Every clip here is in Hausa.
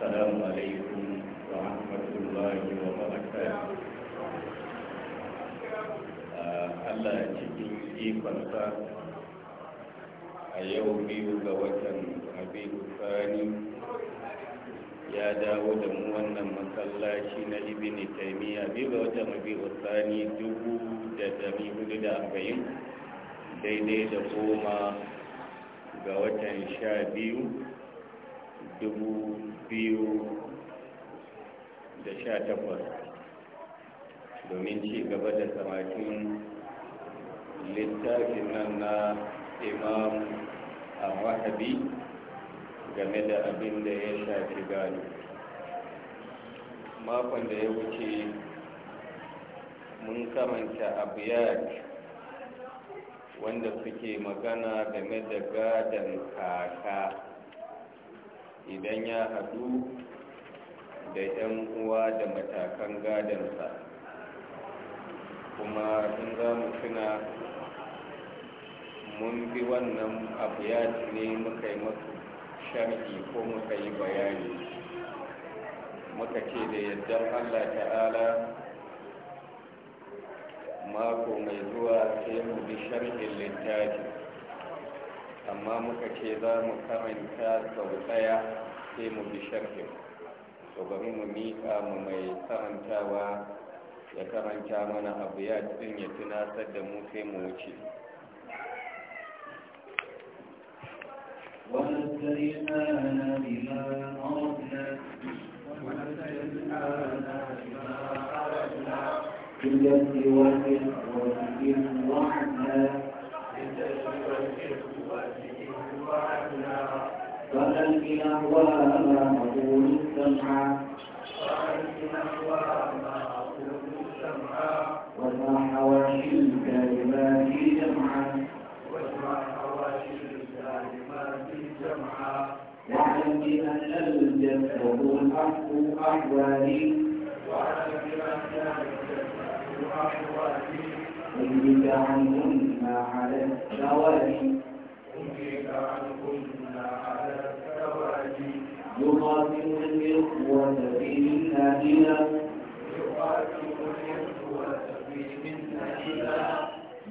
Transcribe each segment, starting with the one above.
السلام عليكم ورحمة الله وبركاته Allah cikin ikonsa a yau biyu ga watan Habibu Sani ya dawo da mu wannan masallaci na Ibn Taymiyyah biyu ga watan Habibu Sani dubu da dari hudu da arba'in daidai da goma ga watan sha biyu dubu biyu da sha takwas domin ci gaba da samakin littafin nan na imam al-wahabi game da abin da ya shafi gado makon da ya wuce mun karanta abiyat wanda suke magana game da gadon kaka idan ya haɗu da 'yan uwa da matakan gadansa kuma sun za mu suna mun bi wannan abu ya ne muka yi masu sharhi ko muka yi bayani muka ce da yadda allah ta'ala mako mai zuwa sai mu bi sharhin littafi amma muka ce za mu karanta sau ɗaya sai mu fi sharhin to bari mu mika mu mai karantawa ya karanta mana abu ya ɗin ya tunatar da mu sai mu wuce ونسينانا بما أردنا ونسينانا بما أردنا في اليد والإخوة إن وعدنا أنفسنا ولا أنا أقول سمعا وما حواشي الكلمات جمعا واعلم بأن الجسد هو الحق أحوالي واعلم بأن الجسد أحوالي أنهك عنهن على الزواج أنهك عنهن وسبيل إلى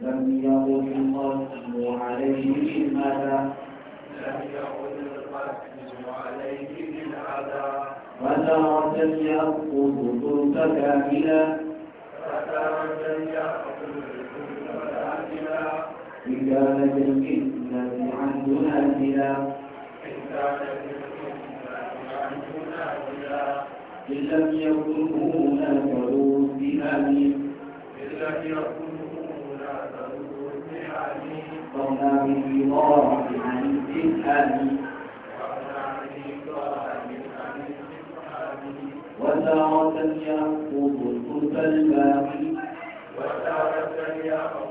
لم يغد القسم عليه المدى لم يغد القسم عليه الأذى فترة يأخذ ترك كاملا فترة يأخذ ترك كاملا إن كانت الفتنة عنه نازلا إن كانت إن لم يكن هناك روح بأمين إن لم يكن هناك روح بأمين قمنا بالإضاعة عن الإسلام وتارة يأخذ الكتب الباقي وتارة يأخذ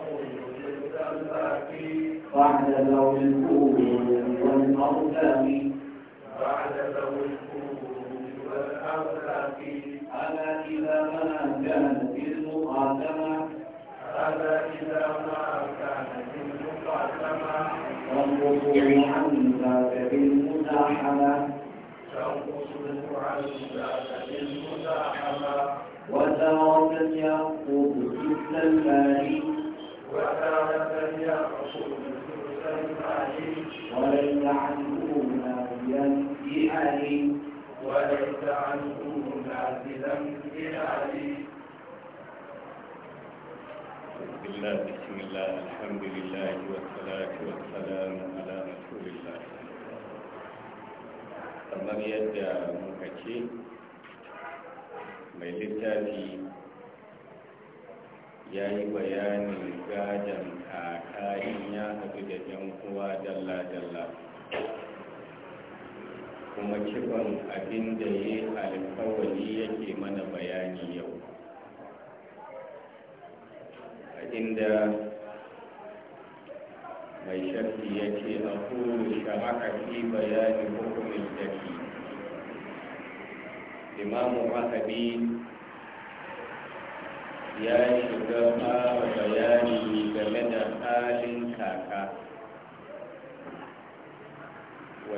بعد ذوي الكون والأركان بعد ذوي الكون والأوسط ألا إذا ما كانت المقاتمة ألا إذا ما كانت المقاتمة والرجوع عن ذاك بالمزاحمة تنقص عن ذاك المال وليس عنه ناهيا في أهله وليس عنه نازلا بأعلي بالله بسم الله الحمد لله والصلاة والسلام على رسول الله kamar yadda muka ce mai littafi ya yi bayanin gadon kakarin ya haɗu da 'yan uwa dalla-dalla kuma cikon abin da ya alkawali yake mana bayani yau a inda mai shafi ya ce a kuru shama'a fi bayani hukumin shafi imamu mahabi ya shiga fara bayani game da halin kaka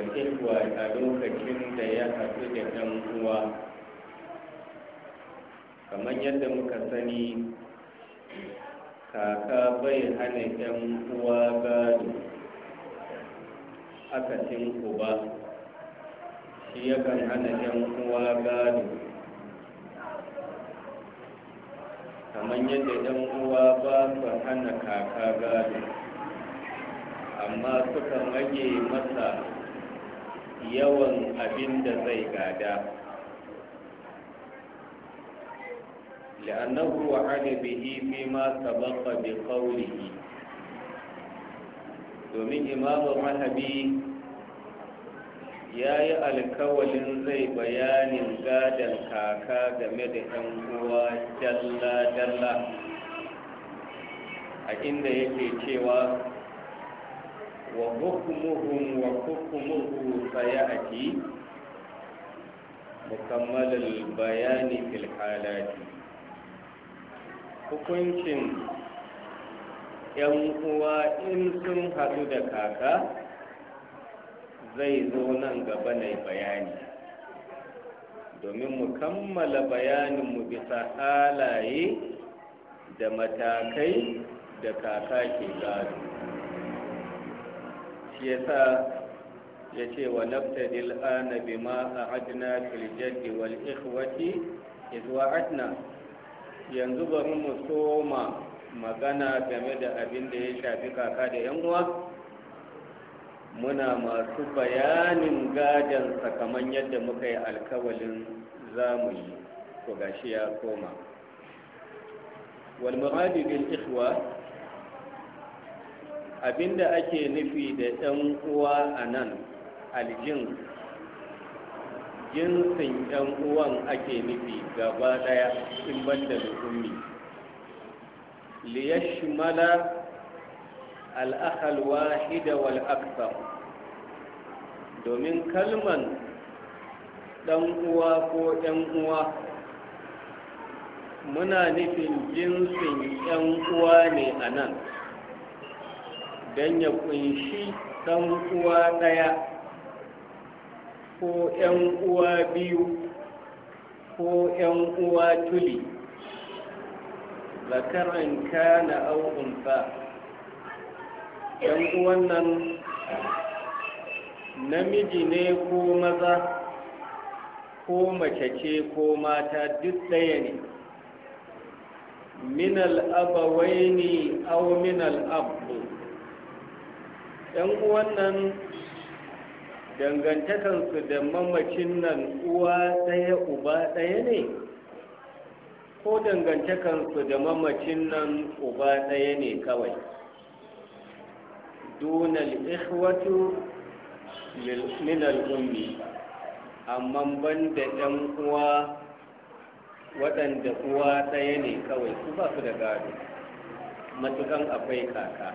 wa a lokacin da ya haɗu da ɗan uwa kamar yadda muka sani kaka bai hana ‘yan uwa gado akasin ba, shi yakan hana ‘yan uwa gado kamar yadda ‘yan uwa ba su hana kaka gado amma suka mage masa yawan abin da zai gada la'annahu wa alibihi fi ma sabaqa bi qawlihi domin imam mahabi ya yi alkawalin zai bayanin gadan kaka game da yan uwa dalla-dalla a inda yake cewa وحكمهم وحكمه سيأتي مكمل البيان في الحالات hukuncin ‘yan uwa in sun haɗu da kaka zai zo nan gaba na bayani domin mu kammala bayaninmu bisa halaye da matakai da kaka ke gado. yasa ya ce wa naftadi al'ana bima a'adna fil jaddi wal ikhwati izwa adna yanzu bari mu soma magana game da abin da ya shafi kaka da yan uwa muna masu bayanin gadon sakaman yadda muka yi alkawalin zamu yi to gashi ya koma wal muradi bil ikhwa abinda ake nufi da ‘yan uwa a nan aljin jinsin ‘yan uwan ake nufi gaba ɗaya in banda da ummi mana al'akal wahida wal aksar domin kalman ɗan uwa ko ɗan uwa muna nufin jinsin ‘yan uwa ne a nan Dan ya kunshi ɗan uwa ɗaya ko ‘yan uwa biyu ko ‘yan uwa tuli zakaran kana au unfa ‘yan uwan nan namiji ne ko maza’ ko mace ce ko mata duk ɗaya ne minal abawai ne au minal abu ɗan uwan nan dangantakansu da mamacin nan uwa ɗaya uba ɗaya ne ko dangantakansu da mamacin nan uba ɗaya ne kawai dunal ihwatu min ummi amma ban da ɗan uwa waɗanda uwa ɗaya ne kawai su ba su da gado matukan akwai kaka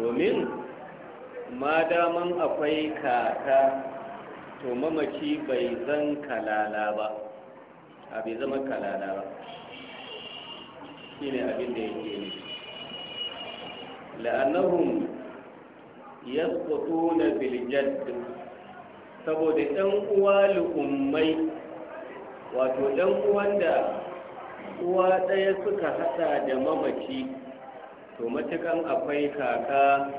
domin ma daman akwai kaka to mamaci bai zan kalala ba a bai zama kalala ba shi ne abin da yake ne la'annahum yasqutuna bil jadd saboda ɗan uwa lu'ummai wato ɗan uwan da uwa ɗaya suka haɗa da mamaci to matukan akwai kaka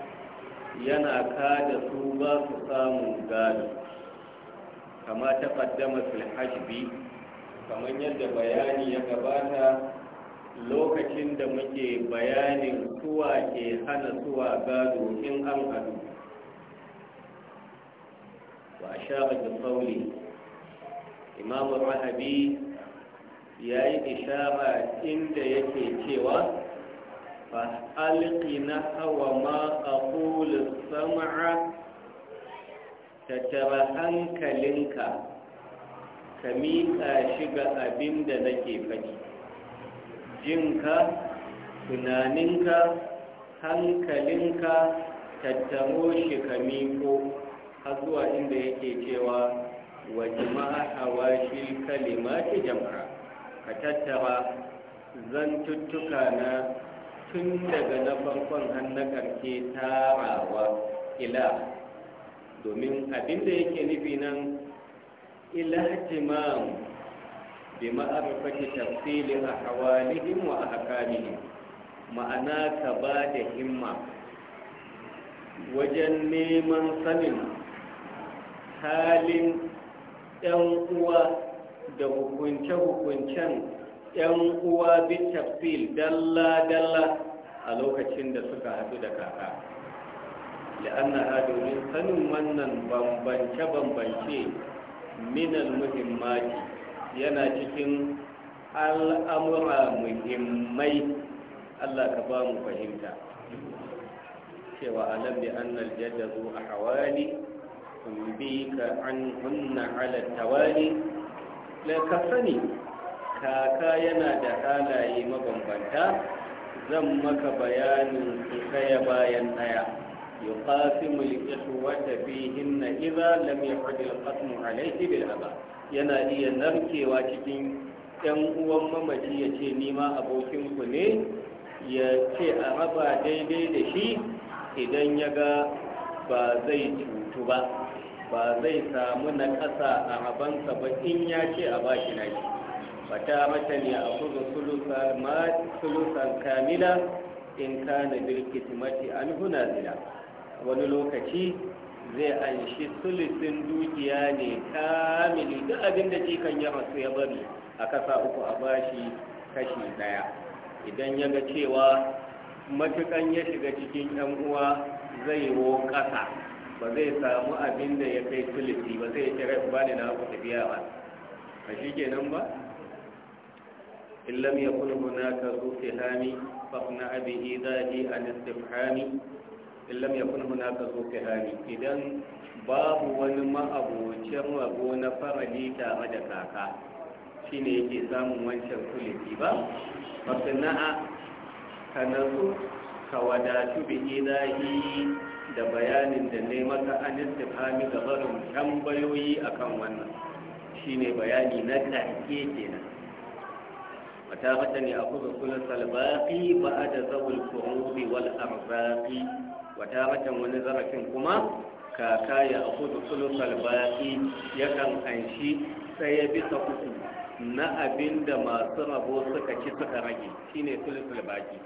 yana kada su ba su samun gado kama ta kaddama hajbi kamar yadda bayani ya gabata lokacin da muke bayanin suwa ke hana suwa gado in an hadu wa a da sauri imamu rahabi ya yi ishara inda yake cewa فألقي نحو ما أقول السمع tattara hankalinka ka miƙa shiga abin da nake faɗi jinka tunaninka hankalinka tattaro shi ka miƙo har zuwa inda yake cewa wa jama'a hawa shi kalimati ka tattara zantuttuka na tun daga na farkon an na ƙarfe tarawa ila domin abinda yake nufi nan ila ilahtimam bi ma'arifati tafsili ahwalihim wa ahkamihim ma'ana ka ba da himma wajen neman sanin halin 'yan uwa da hukunce-hukuncen 'yan uwa bi tafsil dalla-dalla a lokacin da suka haɗu da kaka la'anna ha domin sanin wannan bambance-bambance minal muhimmati yana cikin al'amura muhimmai Allah ka ba mu fahimta cewa alam bi annal jadda a hawali sun bi ka an hunna tawali la ka sani kaka yana da halaye mabambanta zan maka bayanin su ɗaya bayan ɗaya yuqasimu al-ikhwata fihinna idza lam yahud al alayhi bil aba yana iya narkewa cikin ɗan uwan mamaci ya ce ni ma abokin ku ne ya ce a raba daidai da shi idan ya ga ba zai cutu ba ba zai samu na ƙasa a rabansa ba in ya ce a bashi na shi فتامة يأخذ a المال ثلثا kamila in kana mati an huna zila wani lokaci zai anshi sulisin dukiya ne kamili duk abin da jikan ya masu ya bari a kasa uku a bashi kashi daya idan ya ga cewa matukan ya shiga cikin yan uwa zai wo kasa ba zai samu abin da ya kai sulisi ba zai kira ba ne na ku tafiya ba a shi nan ba إن لم يكن هناك ذو فهام فاقنع به ذاتي عن استفهام إن لم يكن هناك ذو فهام إذن باب ونما أبو شر أبو نفر لي تارد كل تيبا فاقنع كنزو كودات به ذاتي da bayanin da ne maka an istifhami da barin tambayoyi akan wannan shine bayani na ƙarfe kenan ta mata ne a kusa sunan salbaƙi ba a da zaɓul kurubi wal arzaki wata mata wani zarafin kuma kaka ya a kusa sunan salbaƙi ya kan hanshi tsaye bisa kusu na abinda masu rabo suka ci suka rage shine sunan salbaƙi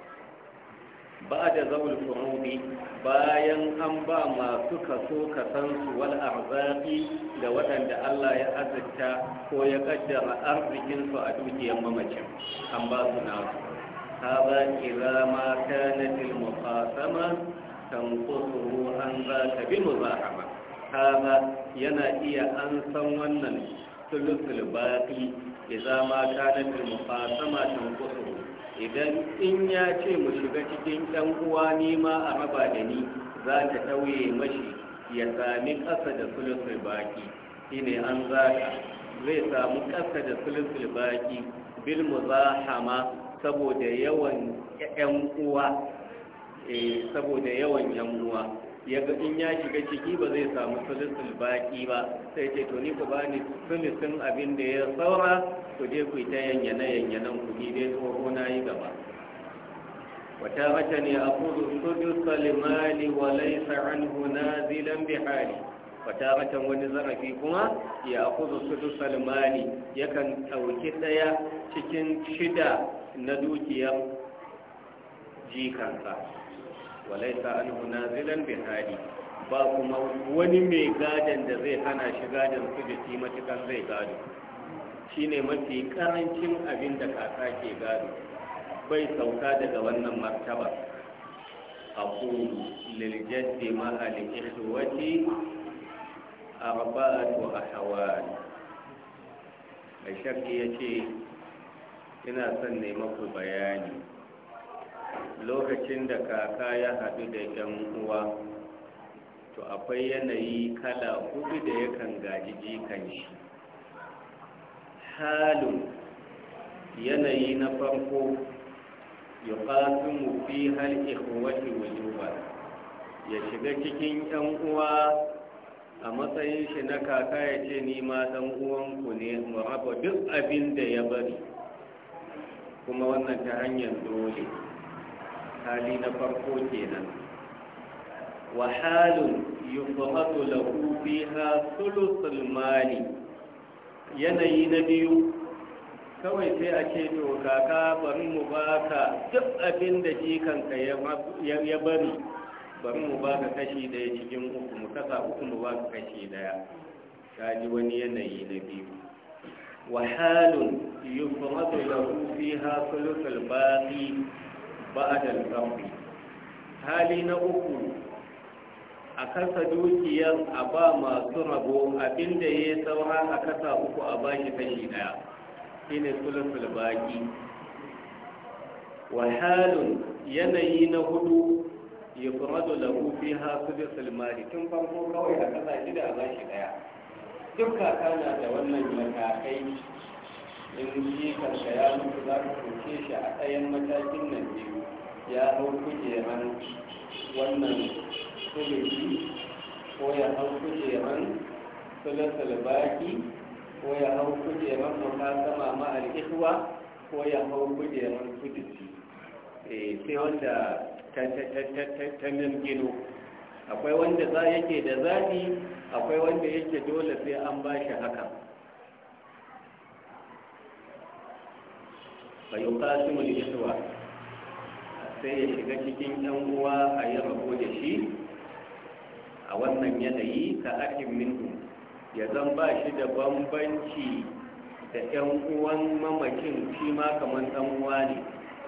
ba da zaul furudi bayan an ba masu kaso kasansu wal arzaki da waɗanda Allah ya azurta ko ya kaddara arzikinsu a dukiyar mamacin an ba su nasu haza kira ma kanatil muqasama tanqusuhu an zaka bil muzahama ba yana iya an san wannan sulusul baqi idza ma na kanatil muqasama tanqusuhu idan in ya ce mu shiga cikin ɗan uwa nima a raba da ni za ta tauye mashi ya sami ƙasa da sulusul baki shine an zaka zai sami ƙasa da sulusul baki bil muzahama saboda yawan eh, saboda yawan yan uwa ya ga in ya shiga ciki ba zai samu sulisul baki ba sai ce to ni ku ba ni sulisun abin da ya saura ku je ku ta yanyana yanyanan ku ni dai tsoho na yi gaba wata mace ne a kudu sudu salimali wa laisa anhu zilan bihari wata mace wani zarafi kuma ya kudu sudu salimali yakan ɗauki ɗaya cikin shida na dukiyar jikansa walaisa anhu nazilan bi hali ba kuma wani mai gadon da zai hana shi gadon su da shi matukan zai gado shine mafi karancin abin da kaka ke gado bai sauka daga wannan martaba aqulu lil jaddi ma al ikhwati arba'atu ahwal mai shakki yace ina son neman maku bayani lokacin da kaka ya haɗu da yan uwa to akwai yanayi kala hudu da yakan gaji jikan shi halin yanayi na farko ya fasu mufi halƙi kowace ya shiga cikin yan uwa a matsayin shi na kaka ya ce ni ma dan uwanku ne mu raba duk abin da ya bari kuma wannan ta hanyar dole hali na farko kenan wa halun yufahatu lahu fiha thuluthul mali yanayi na biyu kawai sai a ce to kaka bari mu baka duk abin da jikanka ya bari bari mu baka kashi daya cikin uku mu kasa uku mu baka kashi daya ji wani yanayi na biyu wa halun yufahatu lahu fiha thuluthul baqi ba'ad al-qamri hali na uku a kasa dukiyar a ba masu rabo abinda ya saura a kasa uku a baki kashi daya shine sulusul baki wa halun yanayi na hudu ya furado lahu fi hasu da tun farko kawai a kasa shida a bashi daya duk kaka na da wannan matakai in shi kanka ya mutu za ka ɗauke shi a ɗayan matakin nan biyu ya hau kujeran wannan sulusi ko ya hau kujeran sulusul baki ko ya hau kujeran mukasama ma'al ihwa ko ya hau kujeran kudusi eh, sai wanda ta gino akwai wanda za yake da zaɓi akwai wanda yake dole sai an ba shi haka sai ya shiga cikin ɗan uwa a yi rago da shi a wannan yanayi ta akin minhu ya zan ba shi da bambanci da ɗan uwan mamakin shi ma kamar ɗan uwa ne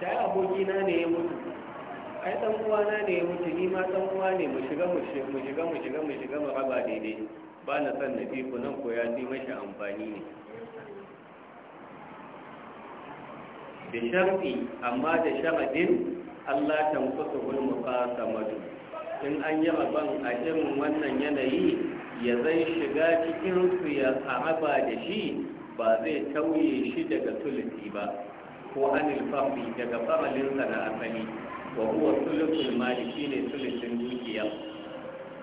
ta yi abokina ne ya mutu ai ɗan na ne ya mutu ni ma ɗan uwa ne mu shiga mu shiga mu shiga mu shiga mu raba daidai ba na san na fi ku nan ko ya fi mashi amfani ne da sharfi amma da sharadin Allah tankusa gul muqasamatu in an yi rabon a irin wannan yanayi ya zai shiga cikin su ya sahaba da shi ba zai tauye shi daga sulusi ba ko anil fahmi daga faralinsa na asali wa huwa sulusul mali ne sulusin dukiya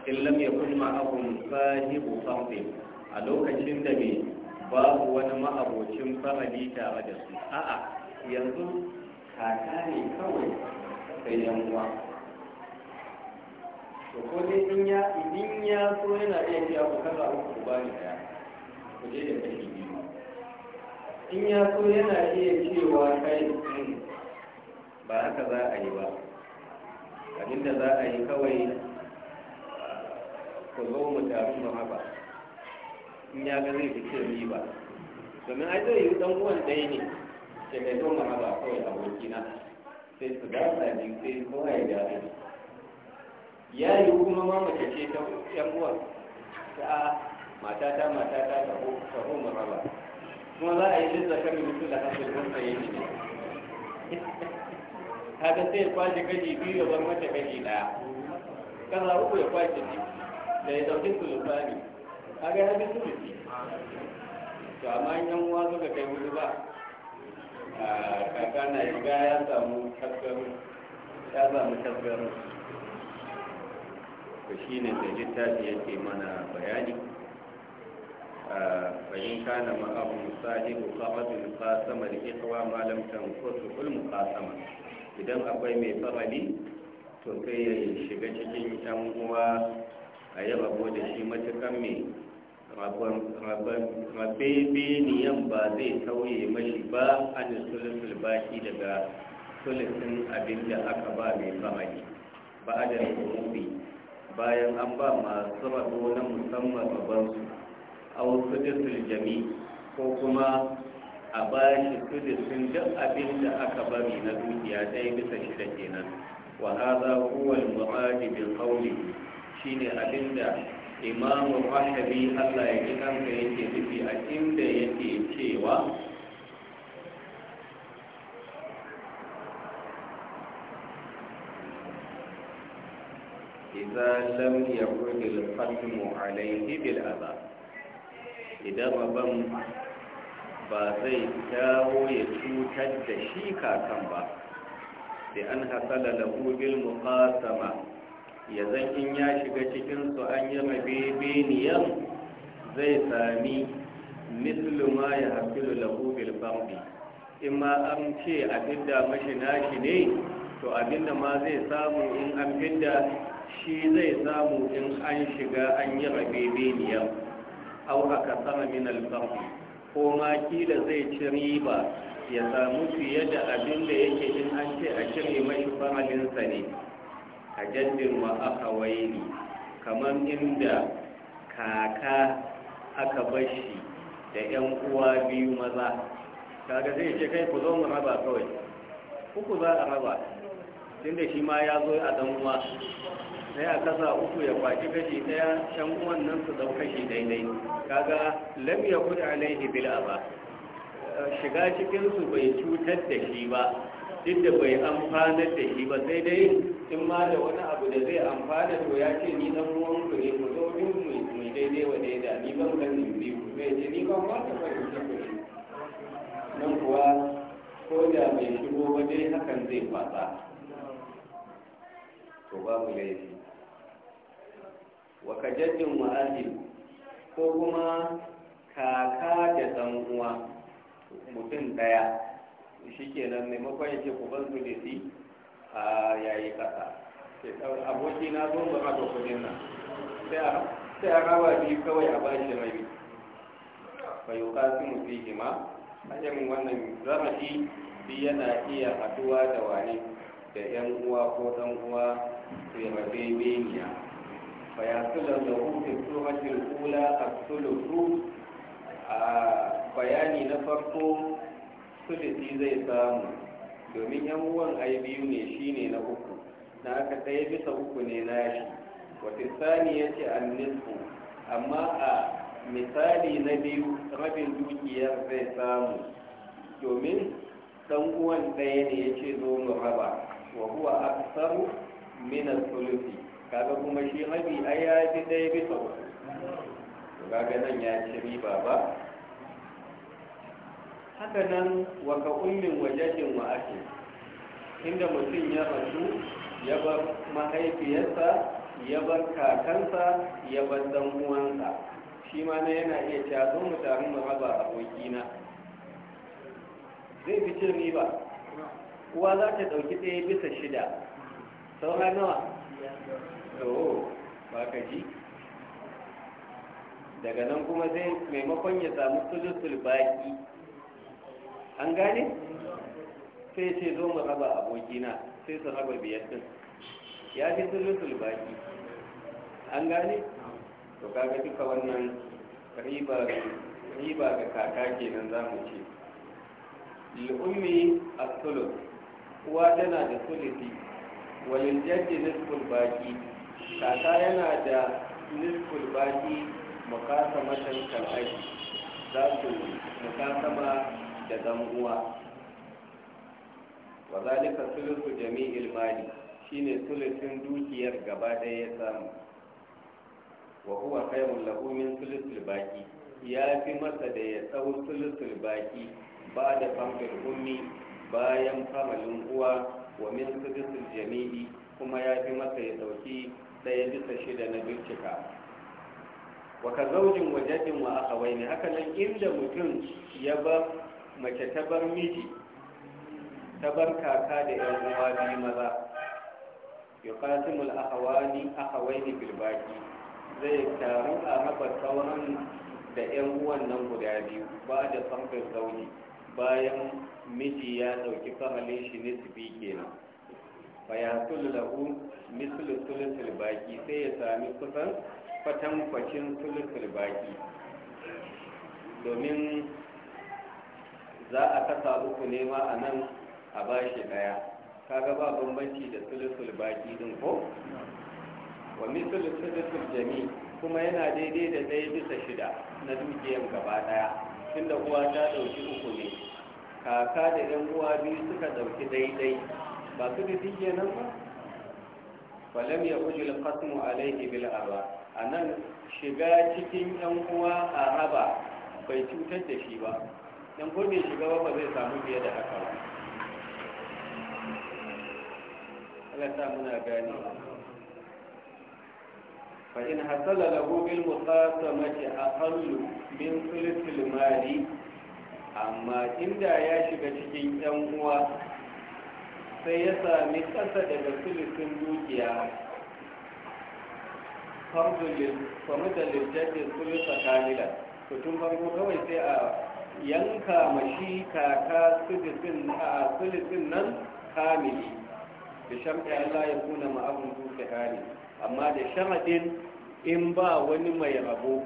in lam yakun ma'ahum sahibu fahmi a lokacin da me babu wani ma'abocin fahmi tare da su a'a yanzu kaka ne kawai da yan uwa to ko dai in ya ya so yana iya cewa ku kaza uku ku bani daya ku je da kashi biyu in ya so yana iya cewa kai hmm, ba haka za a yi ba abinda za a yi kawai ah, ku zo mu taru mu haba in ya ga zai fi ce ba domin ai zai yi dan uwan ɗaya ne sai kai zo ba kawai abokina sai su gasa ji sai kowa ya gasa ya yi kuma ma ce ta yan uwa ta matata matata ta ho ta maraba kuma za a yi lissa kan mutum da hasil wanda yake ne haka sai ya kwashe kaji biyu ya bar mata kaji daya kaza uku ya kwashe ne da ya dauki su sulufani kaga ya bi sulufi to amma yan uwa suka kai wuri ba kaka na riga ya samu tasgaro ya samu tasgaro to shi ne da littafi yake mana bayani bayin kana ma'abun sahibu qamadul qasama al-iqwa ma lam tanqutu al-muqasama idan akwai mai tsabali to sai ya shiga cikin yan uwa a yi rabo da shi matukan mai rabebeniyan ba zai sauye mashi ba a nisulusul baki daga sulusun abin da aka ba mai fahari ba a da bayan an ba masu rabo na musamman babansu a wasu jami ko kuma a ba shi sudisun duk abin da aka mai na dukiya ɗaya bisa shida kenan wa haza huwa al-mu'adi shi ne shine abin da imamu rahabi allah ya ji kanka yake tafi a inda yake cewa idan lam ya kudi alfatimu alaihi bil'aza idan baban ba zai dawo ya cutar da shi kakan ba sai an hasala lahu bil muqasama ba. ya zan in ya shiga cikin su an yi mabebeniyan zai sami mislu ya hafilu lahu bil bambi in ma an ce a fidda mashi nashi ne to abinda ma zai samu in an fidda shi zai samu in an shiga an yi mabebeniyan au aka sama min al ko ma kila zai ci riba ya samu fiye da abinda yake in an ce a cire mashi famalinsa ne a jaddin wa aka waini kamar inda kaka aka bashi da 'yan uwa biyu maza kaga zai ce kai ku zo mu raba kawai uku za a raba tunda shi ma ya zo a damuwa sai a kasa uku ya kwaci kashi daya can uwan nan su dau kashi daidai kaga lam yakun alaihi bil aba shiga cikin su bai cutar da shi ba duk da bai amfana da shi ba sai dai in ma da wani abu da zai amfana to ya ce ni dan ruwan ku ne ku zo in mu mu daidai wa daida ni ban kan ni bi ku sai ce ni ban wata ba ku ce nan kuwa ko da bai shigo ba dai hakan zai fasa to babu laifi wa kajajin wa'adin ko kuma kaka da dan uwa mutum daya shi nan ne makon ce ku ban su da shi a yayi kasa aboki na zo ba raba kudin nan sai a raba biyu kawai a bashi rabi bai kasu mu fi hima a yin wannan ramashi bi yana iya haduwa da wani da yan uwa ko dan uwa su yi mafi beniya fayasulan da hukun tsohon kula a sulusu a bayani na farko sulisi zai samu domin yan uwan ai biyu ne shine na uku na aka ɗaya bisa uku ne nashi wata sani ya ce amma a misali na biyu rabin dukiyar zai samu domin dan uwan ɗaya ne ya ce zo mu raba wa huwa aksaru min al-thuluthi kaga kuma shi rabi ayati ya ɗaya bisa uku kaga nan ya ci riba ba haka nan waka ummin wajajin wa ake inda mutum ya rasu ya bar mahaifiyarsa ya bar kakansa ya bar dan shi ma na yana iya cewa zo mu mu raba abokina zai fi cin riba uwa za ta ɗauki ɗaya bisa shida saura nawa to ba ka ji daga nan kuma zai maimakon ya samu sulusul baki an gane sai ce zo mu raba abokina sai su raba biyar din ya fi yi sulbaki an gane to kaga duka wannan riba ga kaka kenan za mu ce li'ummi a sulus uwa tana da sulusi wani jaddi na baki kaka yana da nisful baki matan kal'aji za su ma. da dan uwa wa zalika sulusu jami'il mali shine sulusin dukiyar gaba ɗaya ya samu wa huwa khairul lahu min sulusul baki ya fi masa da ya tsawo sulusul baki ba da famfil ummi bayan famalin uwa wa min sulusul jami'i kuma ya fi masa ya dauki ɗaya bisa shida na bincika wa ka zaujin wajajin wa aka ne haka nan inda mutum ya ba mace ta bar miji ta bar kaka da yan uwa biyu maza ya yuqasimul a ahawaini bil bilbaki, zai taru a raba sauran da yan uwan nan guda biyu ba da samfin zauni bayan miji ya ɗauki fahalin shi nisbi kenan fa lahu mislu sulusul sai ya sami kusan fatan kwatankwacin sulusul baki, domin za a kasa uku nema a nan a bashi daya kaga ba bambanci da sulusul baki din ko wa misul sulusul jami kuma yana daidai da ɗaya bisa shida na dukiyar gaba daya tunda uwa ta ɗauki uku ne kaka da yan uwa biyu suka ɗauki daidai ba su da diya nan ba falam ya kuji alqasmu alaihi bil aba anan shiga cikin yan uwa a raba bai cutar da shi ba in ko bai shiga ba zai samu fiye da haka ba Allah ta muna gani fa in hasala lahu bil muqasamati aqallu min thuluthil mali amma inda ya shiga cikin yan uwa sai ya sami kasa daga thuluthin dukiya famdulil famdulil jaddi thulutha kamila to tun farko kawai sai a yanka mashi kaka sulisin nan kamili da shamta Allah ya kuna ma'abin zuke hali amma da shamadin in ba wani mai rabo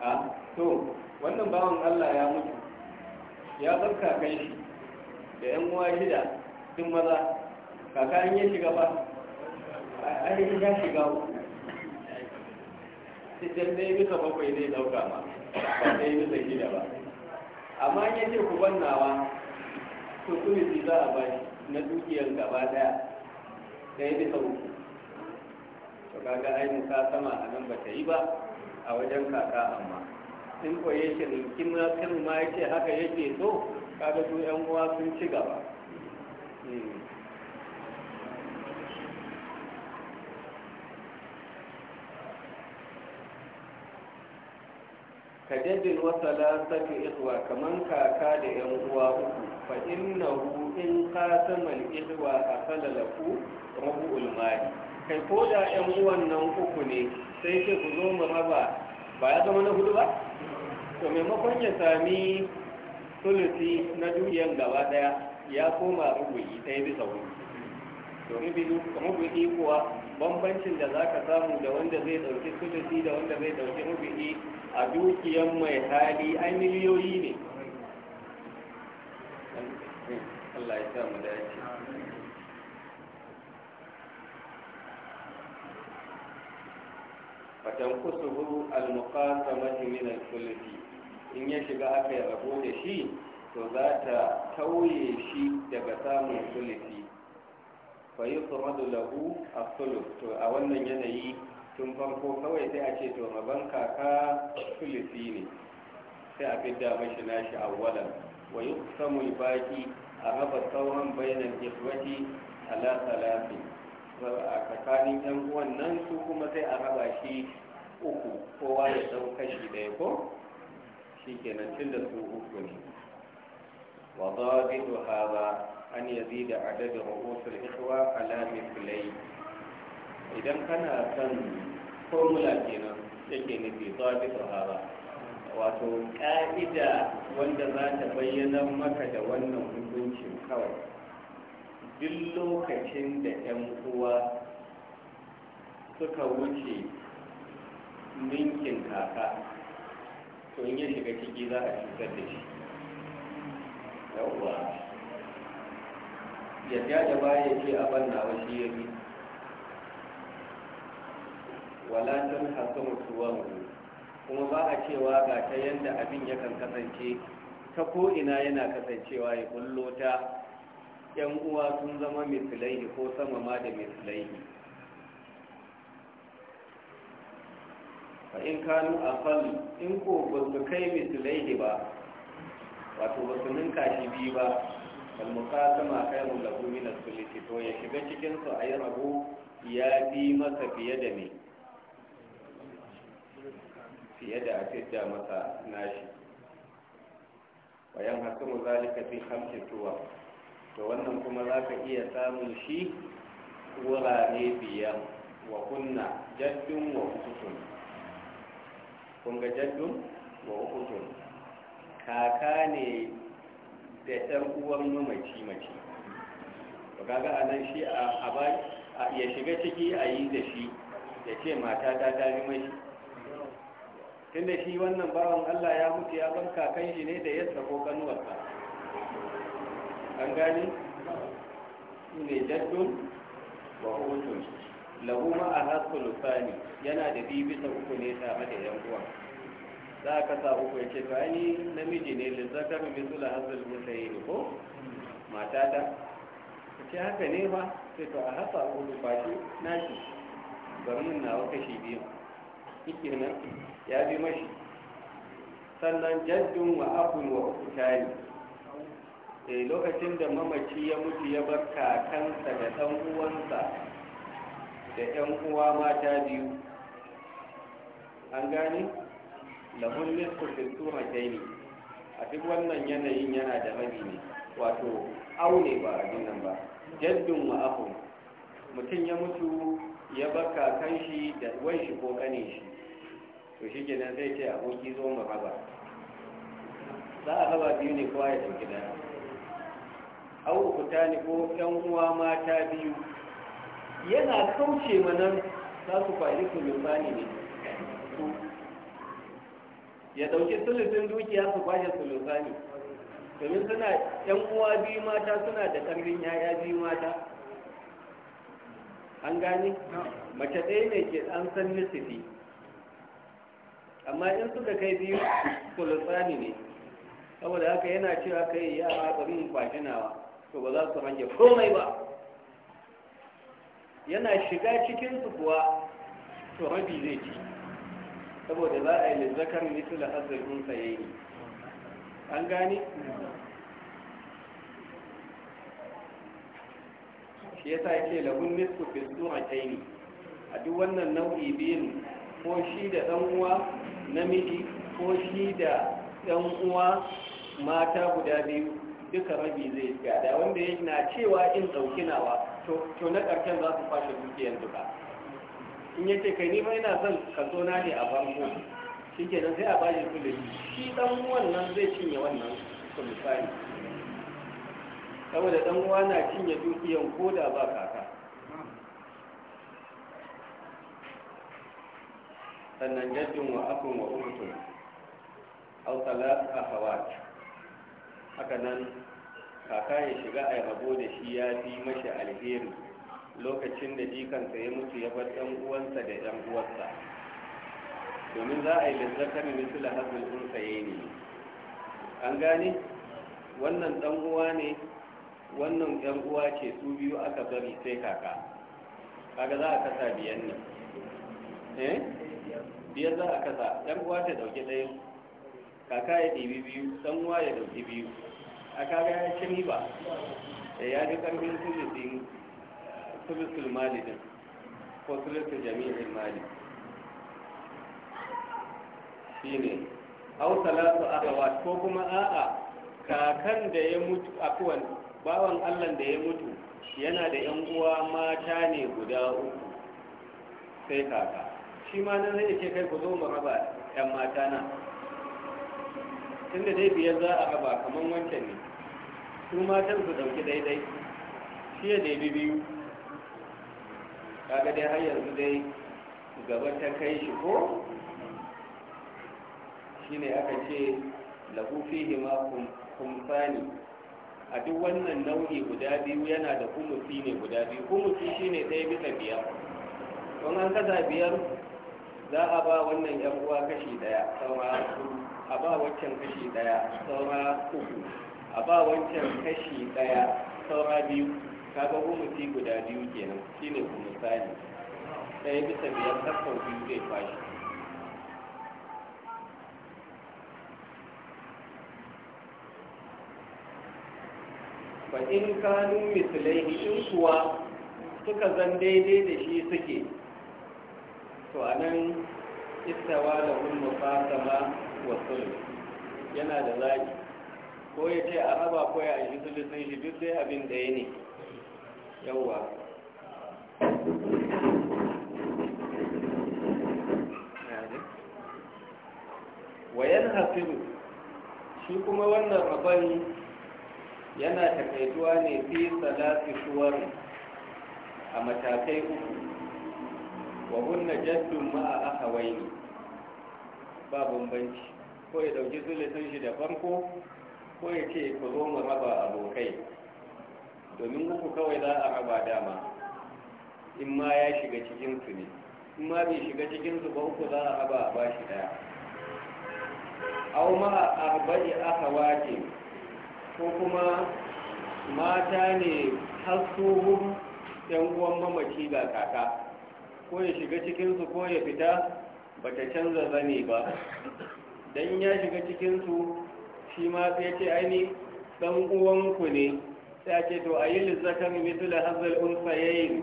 a to wannan bawan Allah ya mutu ya tsarka kai shi da yan uwa shida sun maza kaka an yi shiga ba A yi ya shiga jan ɗaya bisa bakwai zai dauka ma ba ɗaya bisa gida ba amma ya ce ku bannawa to sulusi za a bashi na dukiyar gaba daya ɗaya bisa uku to kaga ai ka sama a nan ba ta yi ba a wajen kaka amma in ko ya ce kin ma ce haka yake so kaga su yan uwa sun ci gaba hmm. ka jadin wasa lasatu ihwa kaman kaka da yan uwa uku fa innahu in qatamal ihwa asala lahu rubu'ul mali kai ko da yan uwan nan uku ne sai ke ku zo mu raba ba ya zama na hudu ba to maimakon ya sami sulusi na duniyan gaba daya ya koma rubu'i ɗaya bisa hudu domin biyu rubu'i kuwa bambancin da za ka samu da wanda zai ɗauki sulusi da wanda zai ɗauki rubu'i a dukiyan mai hali a miliyoyi ne Allah ya samu dace fatan kusuhu al-muqasamati min al in ya shiga aka yi rabo da shi to za ta tauye shi daga samun kulli fa lagu a as to a wannan yanayi tun farko kawai sai a ce to rabon kaka tulisi ne sai a fidda mashi nashi awwalan wa yi samun baki a raba sauran bayanan a ala salafi a tsakanin yan uwan nan su kuma sai a raba shi uku kowa ya ɗau kashi ɗaya ko shi kenan tun da su uku ne wa zaɓi hada an yazi da adadin rahotar ikhwa ala filai. idan kana kan formula kenan yake nufi zafi sahara wato ƙa'ida wanda za ta bayyana maka da wannan hukuncin kawai duk lokacin da 'yan uwa suka wuce ninkin kaka to in shiga ciki za a cutar da shi yawwa ya ja da baya ce a banna wa shi wala tan hasamu kuma ba a cewa ga ta yanda abin ya kan kasance ta ko'ina yana kasancewa ya kullo ta yan uwa sun zama misilaihi ko sama ma da misilaihi fa in kanu fal in ko ba su kai misilaihi ba wato ba su ninka shi biyu ba kalmukasama kai mu min as-sulhi to ya shiga cikin su yi rabo ya bi masa fiye da ne fiye da fidda masa nashi bayan mu zalika fi hamsin tuwa to wannan kuma za ka iya samun shi wurare biyar wa kunna jaddun wa hukutun kun ga jaddun wa hukutun kaka ne da ɗan uwan mamaci mace ba kaga a nan shi a ya shiga ciki ayi da shi ya ce mata ta ta mai inda shi wannan bawan Allah ya mutu ya ban kan shi ne da ya ko kanuwarsa an gani ne jaddun wa hutun lahu ma a hasu lusani yana da biyu bisa uku ne ta da yan uwa za ka sa uku ya to ai namiji ne lizzakar misul hasul musayin ko matata ta ce haka ne ba. sai to a hasa uku ba shi nashi bari na wata shi biyu shi nan ya bi mashi sannan jaddun wa abun wa kutari a eh, lokacin da mamaci ya mutu ya bar kakansa da ɗan uwansa da ƴan uwa mata biyu an gane lahun nisfu filtura ne a duk wannan yanayin yana da rabi ne wato aune ba a nan ba jaddun wa abun mutum ya mutu ya bar kakanshi da wai shi ko kanin shi to shi kenan zai ce aboki zo mu haba za a haba biyu ne kowa ya ɗauki ɗaya au kuta ne ko ƴan uwa mata biyu yana kauce manan za su kwaji su limfani ne ya ɗauki sulusun dukiya su kwashe su limfani domin suna ƴan uwa biyu mata suna da ƙarfin yaya biyu mata an gane mace ɗaya ne ke ɗan san nisifi amma in suka kai biyu kulusani ne saboda haka yana cewa kai ya bari in kwashi nawa to ba za su rage komai ba yana shiga cikin su kuwa to rabi zai ci saboda za a yi lizzakar mitula saye ne an gani shi yasa yake lagun nisku fi sura a duk wannan nau'i biyun ko shi da ɗan'uwa uwa namiji ko shi da ɗan uwa mata guda biyu duka rabi zai gada wanda ya na cewa in ɗauki to na ƙarshen za su fashe dukiyar duka in ya ce kai nima yana son kaso na ne a banko shi kenan sai a bashi su shi ɗan uwan nan zai cinye wannan su misali saboda ɗan uwa na cinye dukiyar ko da ba kaka sannan jaddun wa akun wa ukutun au talat hawa. haka nan kaka ya shiga a rabo da shi ya fi mashi alheri lokacin da jikansa ya mutu ya bar ɗan uwansa da ɗan uwarsa domin za a yi lizzakar misali hazin sun saye ne an gane wannan ɗan uwa ne wannan ɗan uwa ce su biyu aka bari sai kaka kaga za a kasa biyan ne eh biyar za a kasa yan uwa ta dauki ɗaya kaka ya ɗibi biyu ɗan uwa ya dauki biyu a kaga ya ci riba eh, ya ji karfin sulusin sulusul mali ɗin ko sulusul jami'in mali shi ne au salatu akhawat ko kuma a'a kakan da ya mutu akwai bawan allan da ya mutu yana da yan uwa mata ne guda uku sai kaka shi ma nan zai ce kai ku zo mu raba ɗan mata na tunda dai biyar za a raba kamar wancan ne su matan su ɗauki daidai shi ya ɗebi biyu kaga dai har yanzu dai gaba ta kai shi ko shine aka ce lahu fihi ma kumfani a duk wannan nau'i guda biyu yana da kumufi ne guda biyu shi ne ɗaya bisa biyar don an kaza biyar za a ba wannan yan uwa kashi daya saura a ba wancan kashi daya saura uku a ba wancan kashi daya saura biyu kaga humusi guda biyu kenan shine misali ɗaya bisa biyar tsakon biyu zai fashi fa in kanu misalai in kuwa suka zan daidai da shi suke to a nan istawa da hulmu fasama wa sulhu yana da zaki ko ya ce a raba ko ya aiki sulusun shi duk dai abin da ya ne yawwa wayan hasiru shi kuma wannan rabon yana takaituwa ne fi salafi suwar a matakai uku wa hunna jaddun ma'a ahawaini ba bambanci ko ya dauki sun shi da farko ko ya ce ku zo mu raba abokai domin uku kawai za a raba dama in ma ya shiga cikinsu ne in ma bai shiga cikinsu ba uku za a raba a shi daya au ma arba'i akhawati ko kuma mata ne har yan uwan mamaci ga kaka ko ya shiga cikinsu ko ya fita ba ta canza zane ba don ya shiga cikinsu shi ma sai ce aini ɗan uwanku ne sai a ce to a yi lissakar mitula hazal unsa ya yi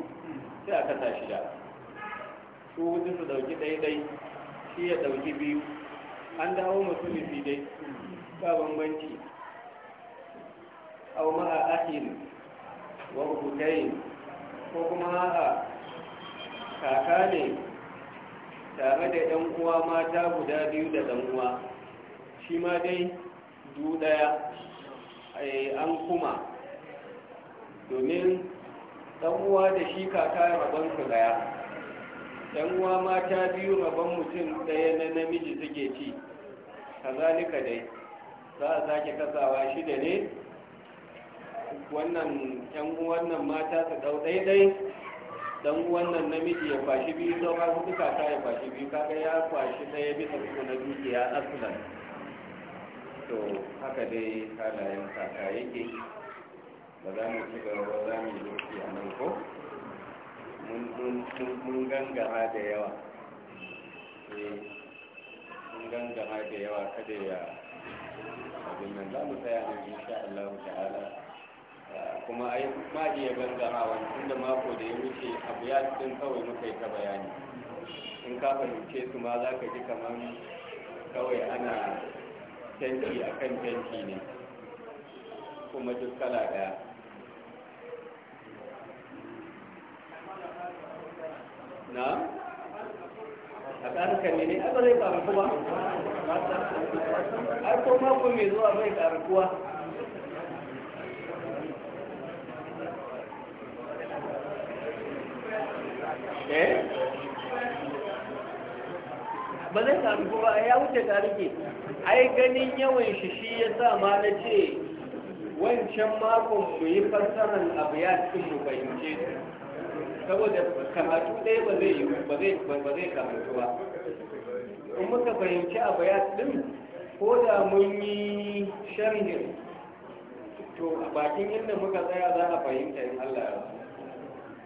sai a kasa shida su wuce su ɗauki ɗaiɗai shi ya ɗauki biyu an dawo musulisi dai ba bambanci au ma'a ahin wa hukutain ko kuma a. kaka ne tare da ɗan uwa mata guda biyu da ɗan uwa shi ma dai du ɗaya eh, an kuma domin ɗan uwa da shi kaka rabon su ɗaya ɗan uwa mata biyu rabon mutum ɗaya na namiji suke ci kazalika dai za a sake kasawa shida ne wannan yan uwan mata su ɗau ɗaiɗai dan wannan namiji ya kwashi biyu sauka hudu kaka ya kwashi biyu kaka ya kwashi ɗaya bisa uku na dukiya aslan to haka dai halayen kaka yake ba za mu ci gaba ba za mu yi lokaci a nan ko mun gangara da yawa eh, mun gangara da yawa kada ya abin nan za mu tsaya nan insha Allah ta'ala kuma ai ma iya banzarawa wani da mako da ya wuce abu ya cikin kawai muka yi ta bayani in ka fahimce su ma za ka ji kamar kawai ana tanki a kan ne kuma duk kala daya na a ƙarƙar ne ne a zai ƙarƙuwa a ko mako mai zuwa zai ƙarƙuwa Eh? ba zai sami kuma ya wuce tarihi ai ganin yawan shi shi ya sa ma na ce wancan makon mu yi fassarar abu ya cikin mu fahimce saboda karatu ɗaya ba zai yi ba zai ba. in muka fahimci abu ya ɗin ko da mun yi sharhin to a bakin inda muka tsaya za a fahimta in Allah ya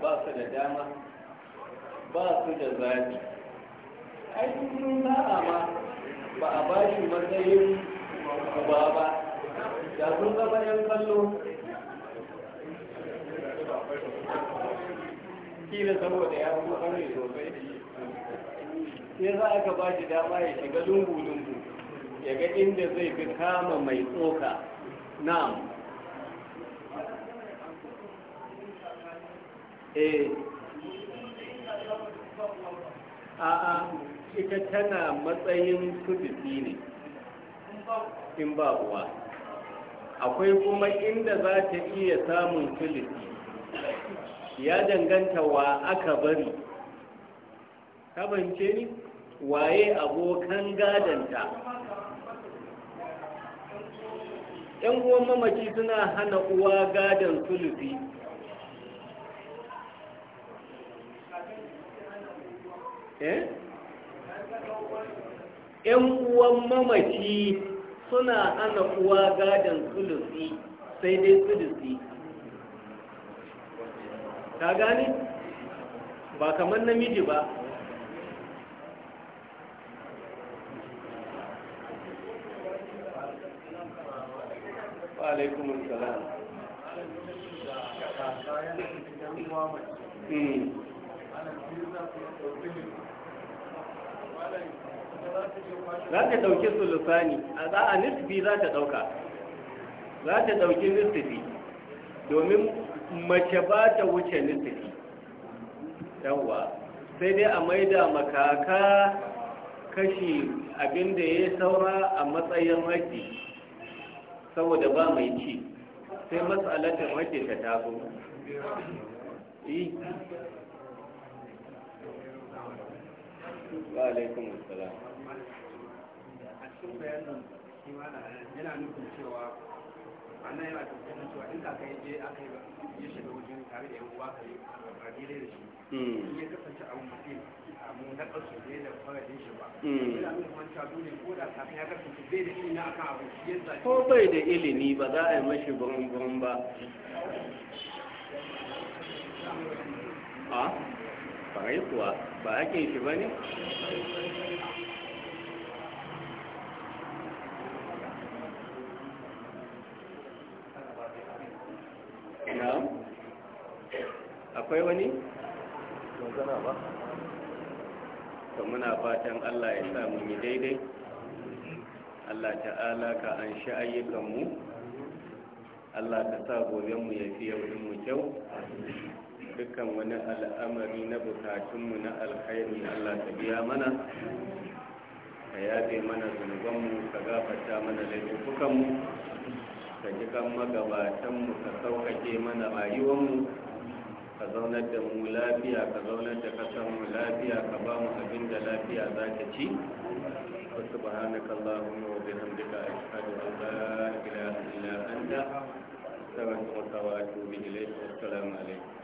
ba su da dama ba su da zaɓi ainihin za'a ma ba a ba shi matsayin ba ba da sun zama yan kallo kila saboda ya kuma ƙarfi sosai sai za a ka ba shi dama ya shiga lungu-lungu ya ga inda zai fi kama mai tsoka na'am eh a'a ita tana matsayin sudusi ne in ba uwa akwai kuma inda za ta iya samun sulusi ya danganta wa aka bari kabance ni waye abokan gadanta yan uwan mamaci suna hana uwa gadon sulufi Eh? 'yan uwan mamaci suna ana uwa gadon sulusi sai dai sulusi Ta gani, ba kamar namiji ba alaikumun salam hmm. za ta ɗauki sulusani a za a nisbi za ta ɗauka za ta ɗauki nisbi domin mace ba ta wuce nisbi yawwa sai dai a maida makaka kashi abinda ya saura a matsayin haƙi saboda ba mai ci sai matsalatin haƙi ta tafi wa alaikum a cikin yana nufin cewa cewa inda yi aka yi ya shiga wajen tare da ka yi ba da shi hmm. in ya kasance abu na ƙarshe ne da shi ba ina hmm. dole ko da kafin ya kasance bai da ilimi abu shi yadda ko bai da ilimi ba za a yi mashi burin burin ba malamai kuwa ba ake shi ba ne akwai wani? Ka muna fatan Allah ya sa yi daidai Allah ta'ala ka an ayyukanmu Allah ta sa mu ya fi yau mu kyau dukkan wani al'amari na bukatunmu na alkhairi Allah ta biya mana ka yafe mana zunubanmu ka gafata mana laifukanmu ka ji kan magabatanmu ka sauƙaƙe mana rayuwanmu ka zaunar da mu lafiya ka zaunar da kasanmu lafiya ka ba mu abin da lafiya za ta ci سبحانك اللهم وبحمدك أشهد أن لا إله إلا أنت أستغفرك وأتوب إليك والسلام عليكم